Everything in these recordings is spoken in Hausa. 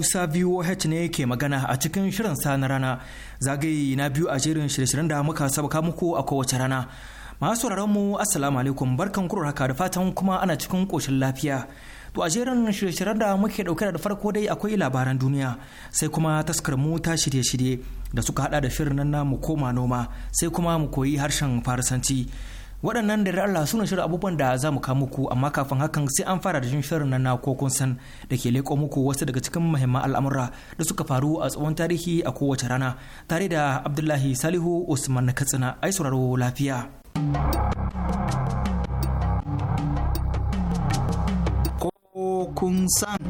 Hausa VOH ne ke magana a cikin shirin sa na rana zagaye na biyu a jerin shirye-shiryen da muka sabaka muku a kowace rana. Masu mu asalamu alaikum barkan kuro haka da fatan kuma ana cikin koshin lafiya. To a jerin shirye-shiryen da muke dauke da farko dai akwai labaran duniya sai kuma taskar mu ta shirye-shirye da suka hada da shirin nan mu koma noma sai kuma mu koyi harshen Farisanci. waɗannan da Allah suna shirin abubuwan da za mu kawo muku amma kafin hakan sai an fara da jin shirin nan na ko kun san da ke leƙo muku wasu daga cikin muhimman al'amura da suka faru a tsawon tarihi a kowace rana tare da Abdullahi Salihu Usman Katsina ai sauraro lafiya. Ko san.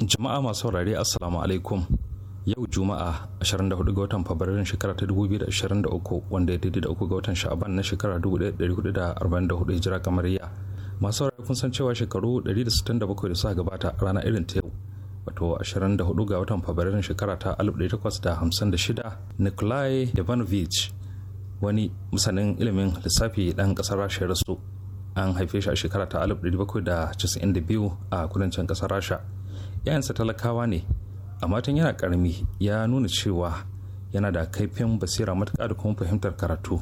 Jama'a masu saurare Assalamu alaikum. yau juma'a 24 ga watan fabrairun shekara ta 2023 wanda ya daidai da uku ga watan sha'aban na shekara 1444 hijira Yaya masu saurari kun san cewa shekaru 167 da suka gabata a rana irin ta yau wato 24 ga watan fabrairun shekara ta 1856 nikolai ivanovich wani musanin ilimin lissafi dan kasar rasha rasu an haife shi a shekara ta 1792 a kudancin kasar rasha yayansa talakawa ne amma tun yana karami ya nuna cewa yana da kaifin basira matuƙa da kuma fahimtar karatu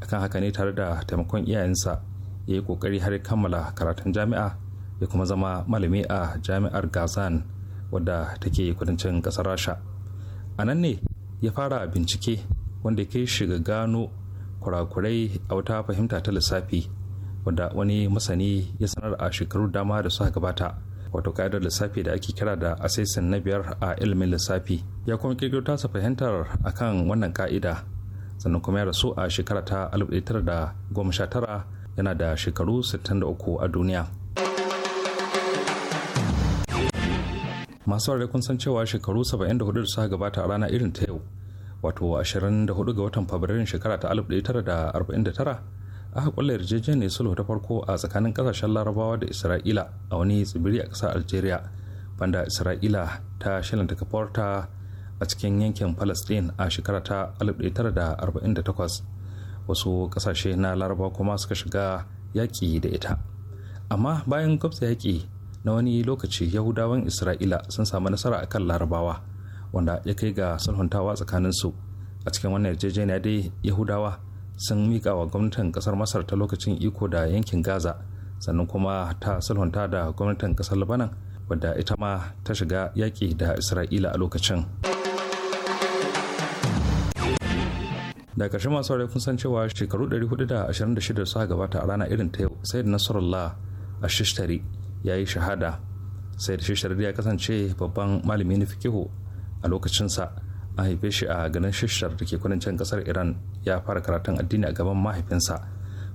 akan haka ne tare da taimakon iyayensa ya yi ƙoƙari har kammala karatun jami'a ya kuma zama malami a jami'ar gazan wadda take kudancin ƙasar rasha a nan ne ya fara bincike wanda ya shiga gano kurakurai a wata fahimta ta lissafi wadda wani masani ya sanar a shekaru dama da suka gabata wato ka'idar lissafi da ake kira da asesin na biyar a ilimin lissafi ya kuma kirkiro tasa fahimtar akan wannan ka'ida sannan kuma ya rasu a shekara ta 1919 yana da shekaru 63 a duniya masu ware kun san cewa shekaru 74 da suka gabata a rana irin ta yau wato 24 ga watan fabrairun shekara ta 1949 aka kulle yarjejeniyar sulhu ta farko a tsakanin kasashen larabawa da isra'ila a wani tsibiri a ƙasar algeria banda isra'ila ta shirin kafarta a cikin yankin palestine a shekara ta 1948 wasu ƙasashe na larabawa kuma suka shiga yaƙi da ita amma bayan gwabta yaƙi na wani lokaci yahudawan isra'ila sun samu nasara akan larabawa wanda ya kai ga sulhuntawa tsakaninsu a cikin wannan yarjejeniya dai yahudawa sun mikawa wa gwamnatin kasar masar ta lokacin iko da yankin gaza sannan kuma ta sulhunta da gwamnatin kasar labanan wadda ita ma ta shiga yaƙi da isra'ila a lokacin da ƙarshe masu rai kun san cewa shekaru 426 suka gabata a rana irin ta yau sai da nasarallah a shishtari ya yi shahada sai da shishtari ya kasance babban malami na fikihu a lokacinsa a haife shi a ganin shishar da ke kudancin kasar iran ya fara karatun addini a gaban mahaifinsa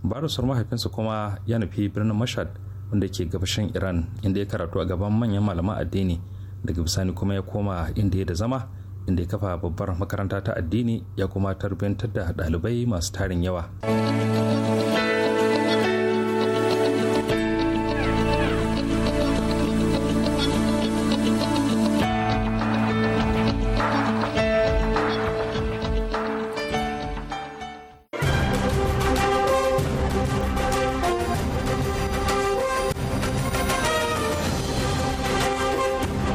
barusar mahaifinsa kuma ya nufi birnin mashad wanda ke gabashin iran inda ya karatu a gaban manyan malaman addini daga bisani kuma ya koma inda ya da zama inda ya kafa babbar makaranta ta addini ya kuma tarbiyantar da ɗalibai masu tarin yawa.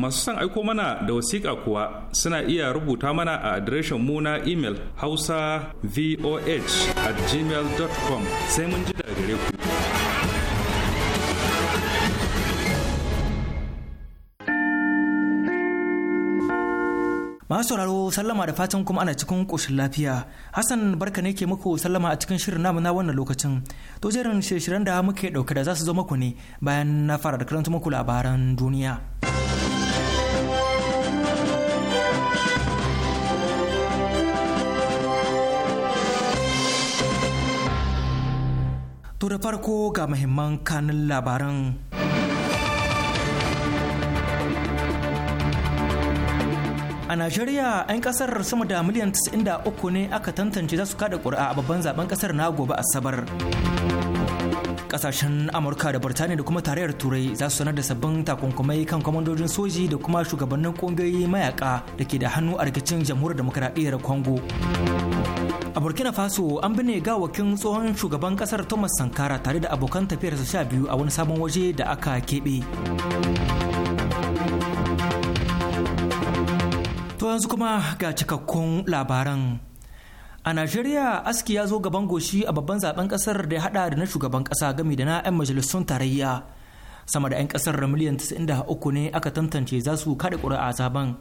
masu son aiko mana da wasiƙa kuwa suna iya rubuta mana a adireshin mu na imel hausa voh at gmail.com sai mun ji daga gare ku. Masu sauraro sallama da fatan kuma ana cikin ƙoshin lafiya. Hassan barka ne ke muku sallama a cikin shirin namu na wannan lokacin. To jerin shirin da muke ɗauke da za su zo muku ne bayan na fara da karanta muku labaran duniya. da farko ga mahimman kanin labaran. A Najeriya 'yan kasar sama da miliyan 93 ne aka tantance za su kada ƙuri'a a babban zaben kasar na gobe Asabar. Kasashen Amurka da Birtaniya da kuma tarayyar Turai za su sanar da sabbin takunkumai kan kwamandojin soji da kuma shugabannin ƙungiyoyi mayaka da ke da hannu a rikicin jamhuriyar demokradiyyar Congo. a burkina faso an binne gawakin tsohon shugaban kasar thomas sankara tare da abokan tafiyarsa sha biyu a wani sabon waje da aka keɓe to yanzu kuma ga cikakkun labaran a najeriya aski ya zo gaban goshi a babban zaben kasar da ya hada da na shugaban kasa gami da na 'yan majalisun tarayya sama da 'yan kasar miliyan 93 ne aka tantance za su kada ƙuri'a zaben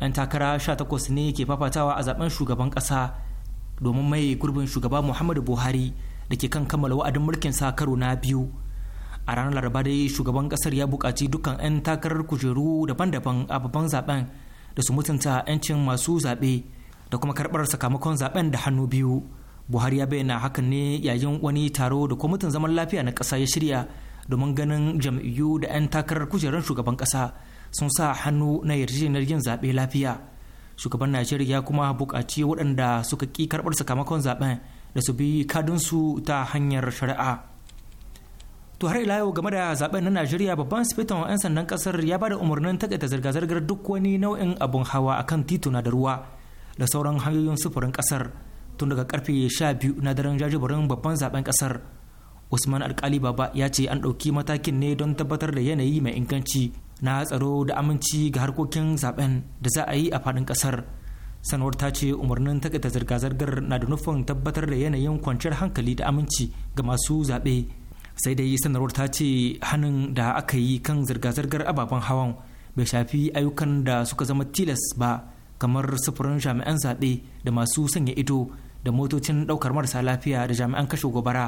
'yan takara 18 ne ke fafatawa a zaben shugaban kasa domin mai gurbin shugaba muhammadu buhari da ke kan kammala wa'adin mulkin sa karo na biyu a ranar laraba dai shugaban kasar ya buƙaci dukkan 'yan takarar kujeru daban-daban a babban zaben da su mutunta 'yancin masu zaɓe da kuma karɓar sakamakon zaben da hannu biyu buhari ya bayyana hakan ne yayin wani taro da kwamitin zaman lafiya na ƙasa ya shirya domin ganin jam'iyyu da 'yan takarar kujerar shugaban ƙasa sun sa hannu na yarjejeniyar yin zaɓe lafiya shugaban najeriya kuma bukaci waɗanda suka ki karɓar sakamakon zaben da su bi kadinsu ta hanyar shari'a to har ila yau game da zaben na najeriya babban sifetan 'yan sandan kasar ya bada umarnin takaita zirga-zirgar duk wani nau'in abun hawa akan tituna da ruwa da sauran hanyoyin sufurin kasar tun daga karfe 12 na daren jajibirin babban zaben kasar usman alkali baba ya ce an ɗauki matakin ne don tabbatar da yanayi mai inganci na tsaro da aminci ga harkokin zaben da za a yi a faɗin ƙasar sanwar ta ce umarnin takaita zirga-zirgar na da nufin tabbatar da yanayin kwanciyar hankali da aminci ga masu zaɓe sai dai sanarwar ta ce hannun da aka yi kan zirga-zirgar ababen hawan bai shafi ayyukan da suka zama tilas ba kamar sufurin jami'an zaɓe da masu sanya ido da motocin ɗaukar marasa lafiya da jami'an kashe gobara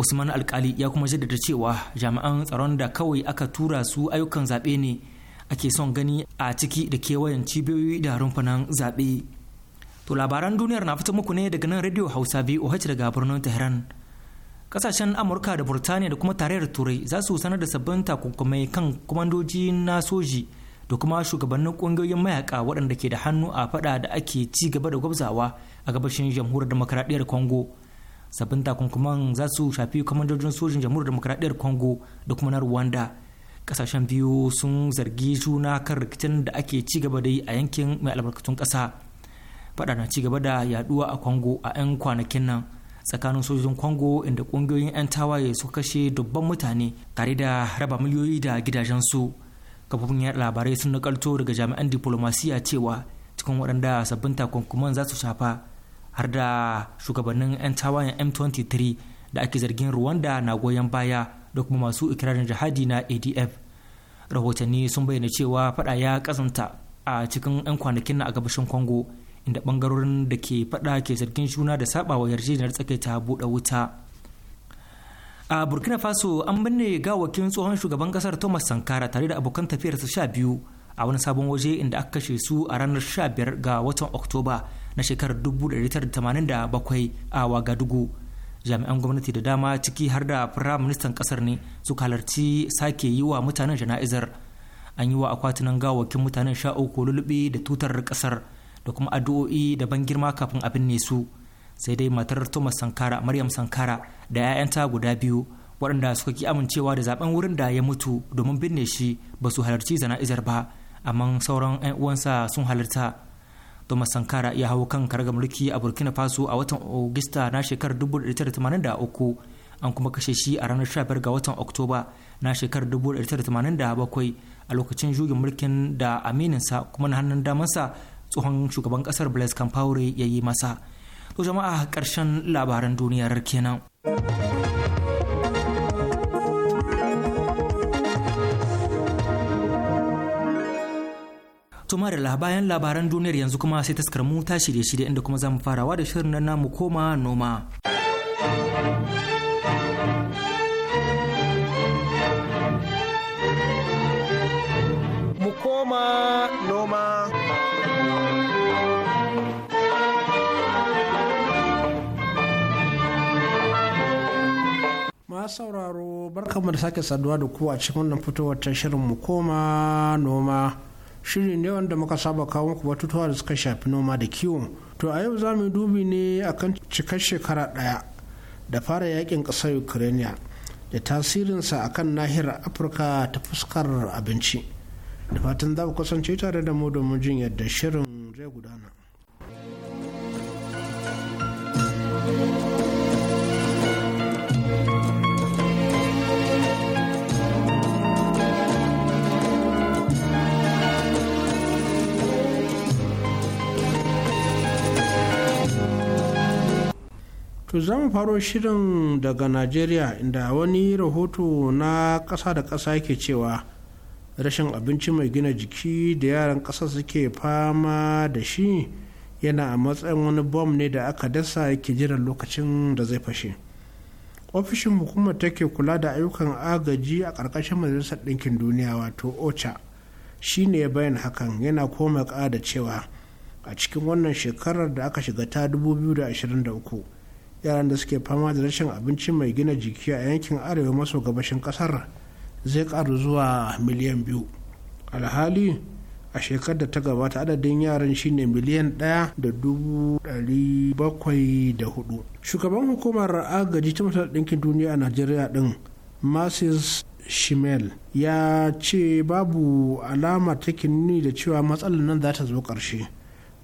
usman alkali ya kuma jaddada cewa jami'an tsaron da kawai aka tura su ayyukan zaɓe ne ake son gani a ciki da kewayen cibiyoyi da rumfunan zaɓe to labaran duniyar na fito muku ne daga nan radio hausa voh daga birnin tehran kasashen amurka da burtaniya da kuma tarayyar turai za su sanar da sabbin takunkumai kan kwamandoji na soji da kuma shugabannin kungiyoyin mayaka waɗanda ke da hannu a fada da ake ci gaba da gwabzawa a gabashin jamhuriyar demokradiyyar congo sabbin takunkuman za su shafi kwamandojin sojin jamhuriyar demokradiyyar congo da kuma na rwanda kasashen biyu sun zargi juna kan rikicin da ake ci gaba da yi a yankin mai albarkatun ƙasa faɗa na ci gaba da yaduwa a congo a 'yan kwanakin nan tsakanin sojojin congo inda ƙungiyoyin 'yan tawaye suka kashe dubban mutane tare da raba miliyoyi da gidajensu kafofin yaɗa labarai sun nakalto daga jami'an diplomasiya cewa cikin waɗanda sabbin takunkuman za su shafa har da shugabannin 'yan tawayen m23 da ake zargin rwanda na goyon baya da kuma masu ikirarin jihadi na adf rahotanni sun bayyana cewa fada ya kazanta a cikin 'yan kwanakin na a gabashin congo inda bangarorin da ke fada ke zargin juna da sabawa yarjejeniyar tsakaita buɗe wuta a burkina faso an binne gawakin tsohon shugaban kasar thomas sankara tare da abokan tafiyarsa sha biyu a wani sabon waje inda aka kashe su a ranar 15 ga watan oktoba na shekarar 1987 a wagadugu jami'an gwamnati da dama ciki har da firaministan kasar ne suka halarci sake yi wa mutanen jana'izar an yi wa akwatunan gawakin mutanen sha uku lulluɓe da tutar kasar da kuma addu'o'i da ban girma kafin abin ne su sai dai matar thomas sankara maryam sankara da 'ya'yanta guda biyu waɗanda suka ki amincewa da zaben wurin da ya mutu domin binne shi ba su halarci jana'izar ba amma sauran 'yan uwansa sun halarta thomas sankara ya hau kan karagar mulki a burkina faso a watan augusta na shekarar 1983 an kuma kashe shi a ranar 15 ga watan oktoba na shekarar 1987 a lokacin jugin mulkin da amininsa kuma na hannun damansa tsohon shugaban kasar blaise compaore ya yi masa to jama'a karshen labaran duniyar kenan da bayan labaran duniyar yanzu kuma sai taskar mu ta shirye-shirye inda kuma za mu farawa da shirin nan namu koma noma. Mu koma noma. sauraro barkamu da sake saduwa da ku a cikin wannan fitowar ta shirin mu koma noma shirin ne wanda muka saba kawo muku batutuwa da suka shafi noma da kiwo to a yau za mu dubi ne akan cikar shekara ɗaya da fara yakin ƙasar ukraine da tasirinsa akan nahiyar afirka ta fuskar abinci da fatan za ku kasance tare da mu domin jin yadda shirin zai gudana To za mu faro shirin daga Najeriya inda wani rahoto na ƙasa da ƙasa yake cewa rashin abinci mai gina jiki da yaran ƙasa suke fama da shi yana a matsayin wani bom ne da aka dasa yake jiran lokacin da zai fashe. Ofishin hukumar take kula da ayyukan agaji a ƙarƙashin Majalisar Ɗinkin Duniya wato OCHA shi ne bayan hakan yana koma da cewa a cikin wannan shekarar da aka shiga ta 2023 yaran da suke fama da rashin abinci mai gina jiki a yankin arewa maso gabashin kasar zai karu zuwa miliyan biyu alhali a shekar da ta gabata adadin yaran shine miliyan ɗaya da dubu dari bakwai da hudu shugaban hukumar agaji ta matar ɗinkin duniya a najeriya ɗin masis shimel ya ce babu alama ta nuni da cewa matsalar nan za ta zo ƙarshe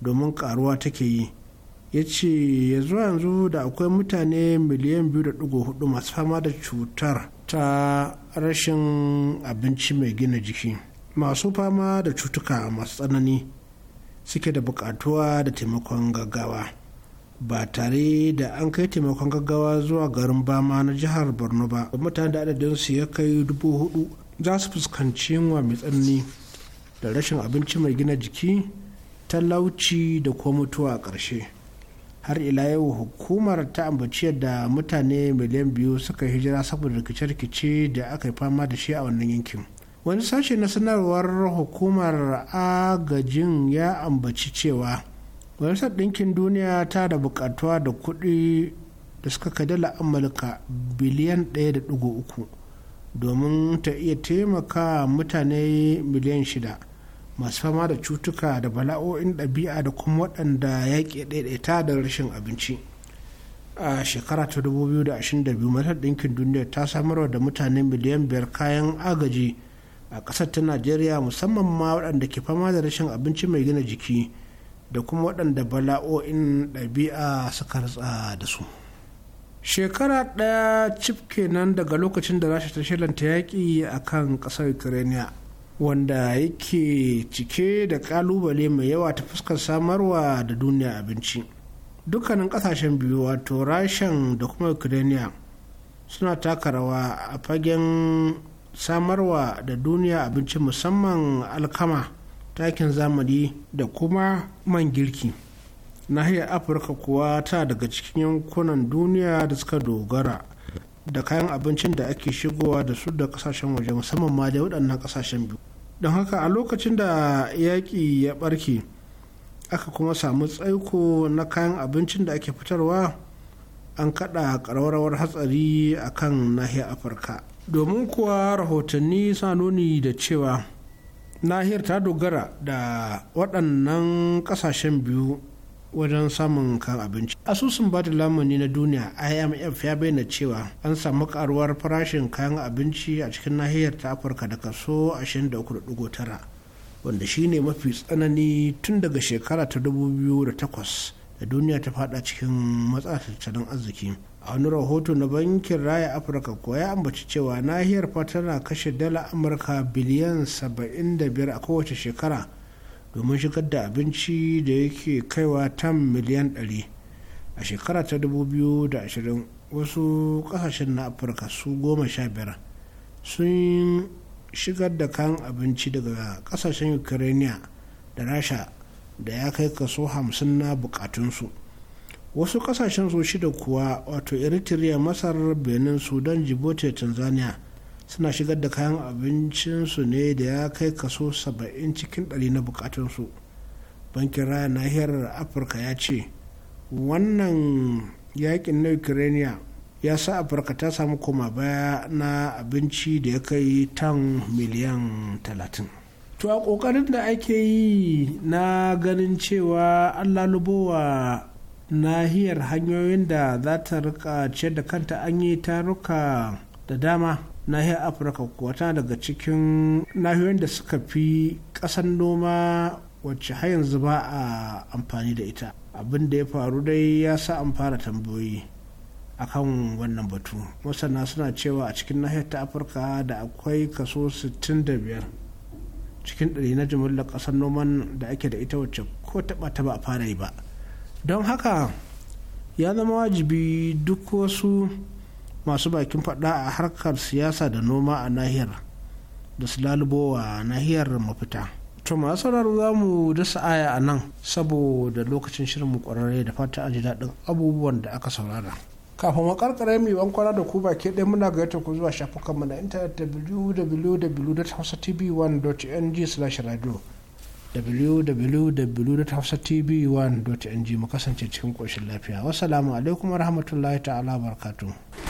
domin karuwa take yi ya ce yanzu yanzu da akwai mutane miliyan 2.4 masu fama da cutar ta rashin abinci mai gina jiki masu fama da cutuka masu tsanani suke da bukatuwa da taimakon gaggawa ba tare da an kai taimakon gaggawa zuwa garin bama na jihar borno ba mutane da adadinsu ya kai dubu hudu za su fuskanci yunwa mai tsanani da rashin abinci mai gina jiki talauci da kuma mutuwa a ƙarshe har ila yau hukumar ta ambaci yadda mutane miliyan biyu suka hijira saboda rikice-rikice da aka yi fama da shi a wannan yankin wani sashe na sanarwar hukumar agajin ya ambaci cewa majalisar ɗinkin duniya ta da buƙatuwa da kuɗi da suka kai dala amurka biliyan ɗaya da 1.3 domin ta iya taimaka mutane miliyan shida. masu fama da cutuka da bala'o'in ɗabi'a da kuma waɗanda yaƙi ɗaiɗaita da rashin abinci a shekara ta 2022 matar ɗinkin duniya ta samarwa da mutane miliyan biyar kayan agaji a ƙasar ta najeriya musamman ma waɗanda ke fama da rashin abinci mai gina jiki da kuma waɗanda bala'o'in ɗabi'a suka ratsa da su shekara ɗaya cif kenan daga lokacin da rasha ta ta yaƙi a kan ƙasar ukraine wanda yake cike da kalubale mai yawa ta fuskar samarwa da duniya abinci dukkanin kasashen biyu wato rashen da kuma ukraine suna taka rawa a fagen samarwa da duniya abinci musamman alkama takin zamani da kuma man girki nahiyar afirka kuwa ta daga cikin yankunan duniya da suka dogara da kayan abincin da ake shigowa da su da kasashen waje musamman ma da waɗannan kasashen biyu don haka a lokacin da yaƙi ya ɓarke aka kuma samu tsaiko na kayan abincin da ake fitarwa an kaɗa ƙararrawar hatsari a kan nahiyar afirka domin kuwa rahotanni sa nuni da cewa nahiyar ta dogara da waɗannan ƙasashen biyu wajen samun kan abinci. Asusun bada lamuni na duniya IMF ya bayyana cewa an samu karuwar farashin kayan abinci a cikin nahiyar ta Afirka da kaso 23.9 wanda shine mafi tsanani tun daga shekara ta 2008 da duniya ta fada cikin matsa tattalin arziki. a wani rahoto na bankin raya afirka kuwa ya ambaci cewa nahiyar tana kashe dala amurka biliyan 75 a kowace shekara domin shigar da abinci da yake kaiwa tam miliyan 100 a shekara ta 2020 wasu kasashen na afirka su goma sha biyar sun shigar da kan abinci daga kasashen ukraine da rasha da ya kai kaso 50 na bukatunsu wasu kasashen su shida kuwa wato eritrea masar benin sudan djibouti tanzania suna shigar da kayan abincinsu ne da ya kai kaso 70 cikin 100 na bukatunsu bankin raya nahiyar afirka ya ce wannan yakin na ukraine ya sa afirka ta samu koma baya na abinci da ya kai tan miliyan 30 to a kokarin da ake yi na ganin cewa an lalubowa nahiyar hanyoyin da za ta rika ciyar da kanta an yi taruka da dama nahiyar afirka kuwa tana daga cikin nahiyoyin da suka fi kasan noma wacce har yanzu ba a amfani da ita abin da ya faru dai ya sa an fara tambayoyi akan wannan batu masana suna cewa a cikin nahiyar ta afirka da akwai kaso 65 cikin ɗari na jimillar ƙasar noman da ake da ita wacce ko taɓa ta ba a fara yi ba don haka ya zama wajibi duk wasu masu bakin faɗa a harkar siyasa da noma a nahiyar da su lalubo a nahiyar mafita to masu sauraro za mu dasa aya a nan saboda lokacin shirin mu kwararre da fata a ji daɗin abubuwan da aka saurara kafin mu karkare mu da ku baki ɗaya muna gayyata ku zuwa shafukanmu na intanet www.hausatv1.ng/radio www.hausatv1.ng mu kasance cikin ƙoshin lafiya wasu alaikum rahmatullahi ta'ala barkatu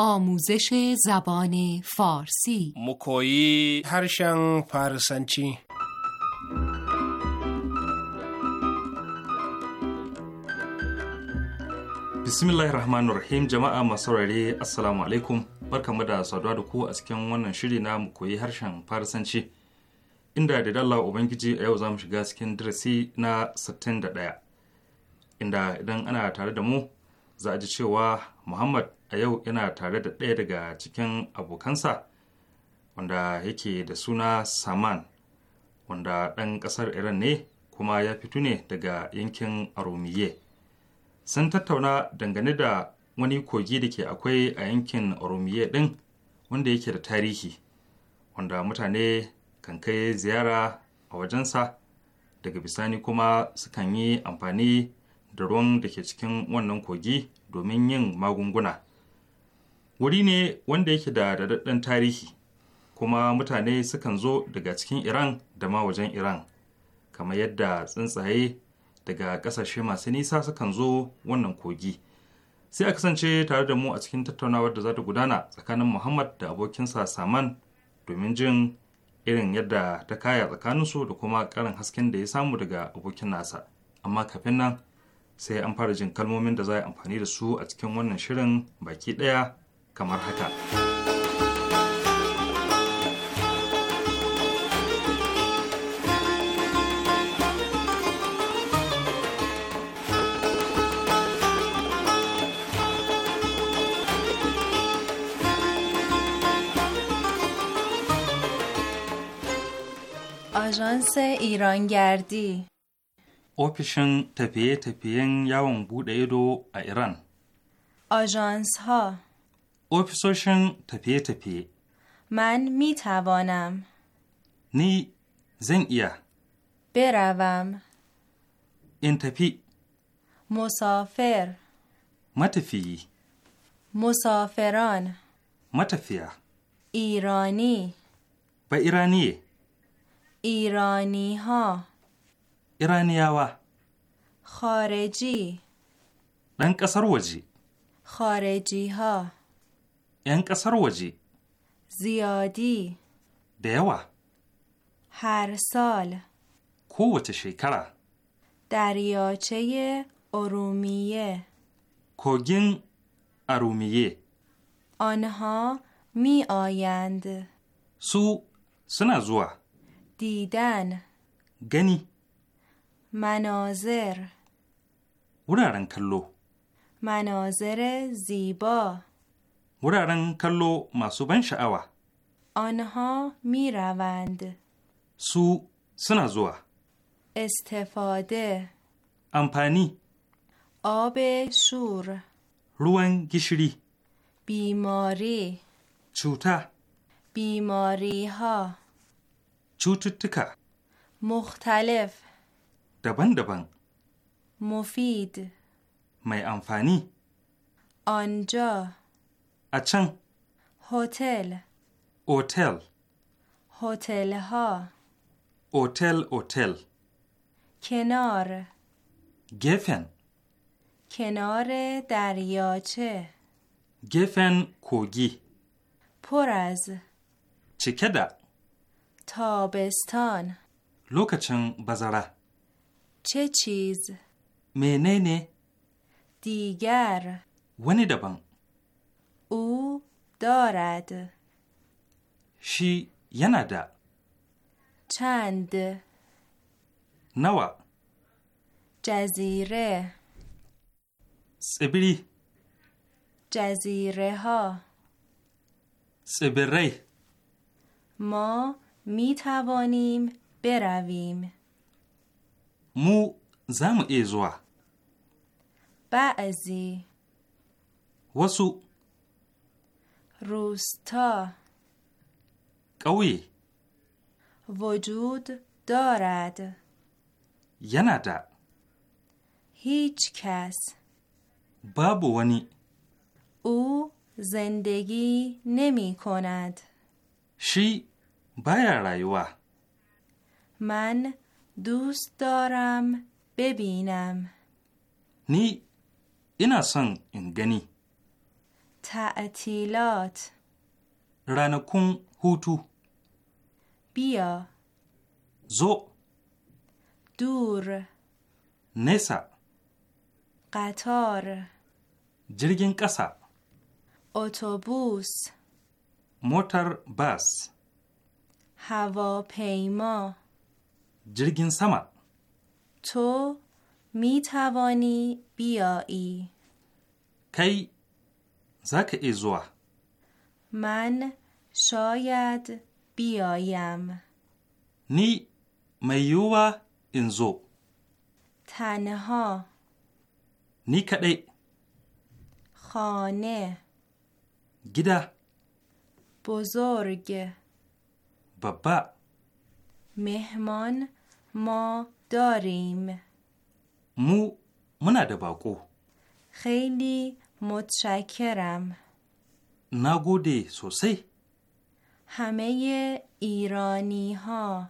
آموزش زبان فارسی مکویی هرشن فارسنچی bismillahir rahmanir rahim jama'a masu saurare assalamu alaikum mu da saduwa da ku a cikin wannan shiri na mu koyi harshen farisanci inda da dalla ubangiji a yau za mu shiga cikin darasi na 61 inda idan ana tare da mu za a ji cewa muhammad a yau yana tare da ɗaya daga cikin abokansa wanda yake da suna saman wanda ɗan ƙasar iran ne kuma ya fito ne daga yankin aromiye sun tattauna dangane da wani kogi da ke akwai a yankin aromiye ɗin wanda yake da tarihi wanda mutane kan kai ziyara a wajensa daga bisani kuma sukan yi amfani da ruwan da ke cikin wannan kogi domin yin magunguna wuri ne wanda yake da daɗaɗɗen tarihi kuma mutane sukan zo daga cikin iran da ma wajen iran kamar yadda tsuntsaye daga ƙasashe masu nisa sukan zo wannan kogi sai a kasance tare da mu a cikin tattaunawar da za ta gudana tsakanin muhammad da abokinsa saman domin jin irin yadda ta kaya tsakaninsu da kuma ƙarin hasken da ya samu daga abokin nasa amma kafin nan sai an fara jin kalmomin da za a yi amfani da su a cikin wannan shirin baki ɗaya kamar haka. آژانس ایرانگردی اوپیشن tafiye-tafiyen yawon buɗe ido a ایران آژانس ها اوفیسوشن تپیه تپیه من می توانم نی زن بروم این مسافر متفی مسافران متفیا ایرانی با ایرانی ایرانی ها ایرانیاوا خارجی دن قصر وجی خارجی ها این قصر وجی زیادی دیوا هر سال کوت شیکرا دریاچه ارومیه کوگین ارومیه آنها می آیند سو سنازوا دیدن گنی مناظر wuraren کلو. مناظر زیبا wuraren کلو کلو ban شاوا آنها میروند سو سو استفاده امپانی. آب شور روان گشری بیماری چوتا بیماری ها چوتتکا مختلف دبن دبن مفید می آنجا a هتل هتل هتل ها هتل هتل کنار گفن کنار دریاچه گفن کوگی پر از چکه ده تابستان لوکچن بزره چه چیز؟ نه دیگر ونی دبان او دارد شی یندا چند نوا جزیره سبری جزیره ها سبری ما می توانیم برویم مو زم ایزوا بعضی وسو روستا قوی وجود دارد یندا هیچ کس بابو او زندگی نمی کند شی بایا رایوا من دوست دارم ببینم نی اینا سن انگنی تعطیلات رانکون هوتو بیا زو دور نسا قطار jirgin ƙasa. Otobus. Motar bas. Hawa جرگین سما تو می توانی بیایی کی زک ایزوه من شاید بیایم نی میوه انزو تنها نی کدی خانه گیده بزرگ بابا مهمان ما داریم مو من ده باکو خیلی متشکرم نگودی سوسی همه ایرانی ها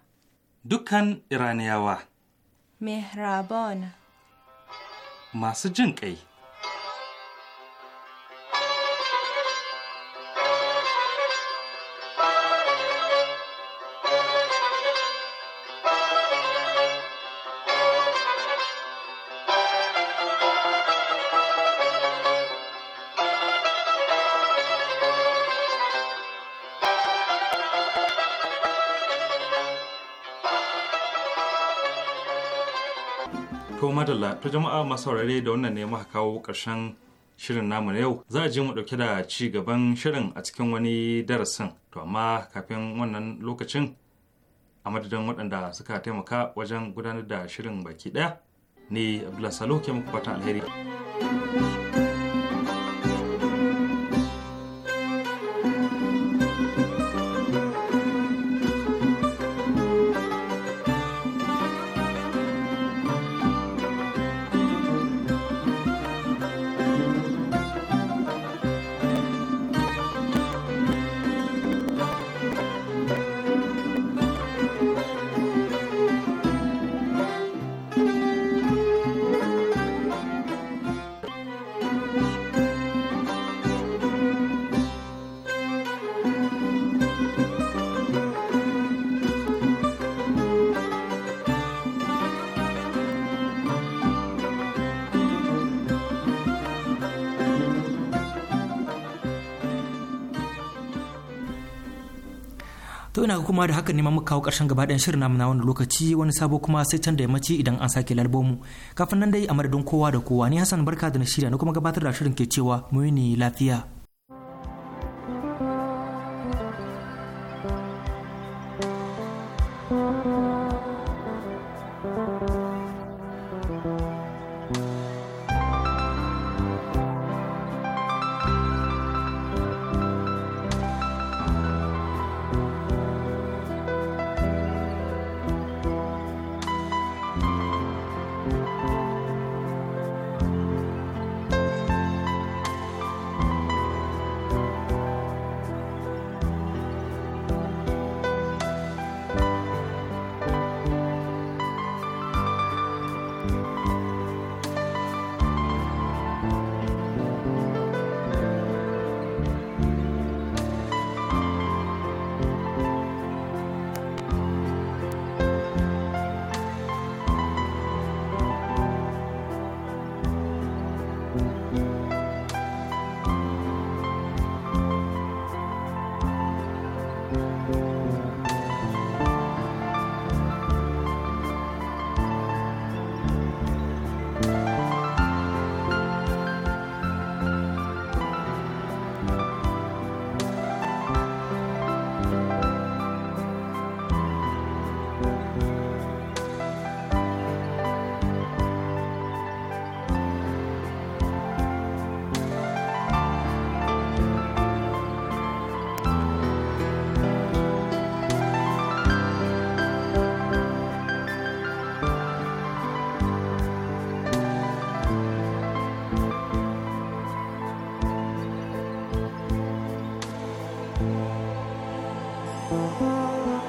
دکن ها مهربان ماس ای madalla ta jama'a masu saurare da wannan ne muka kawo ƙarshen shirin namu na yau za a je mu ɗauke da ci gaban shirin a cikin wani darasin to amma kafin wannan lokacin a madadin waɗanda suka taimaka wajen gudanar da shirin baki ɗaya ne abdullahi salo ke muku fatan alheri muna kuma da haka ne muka kawo karshen gaba ɗayan shirin namu na wani lokaci wani sabo kuma sai can da yammaci idan an sake mu kafin nan dai a madadin kowa da kowa ni Hassan barka da na shirya na kuma gabatar da shirin ke cewa mu ne lafiya Thank you.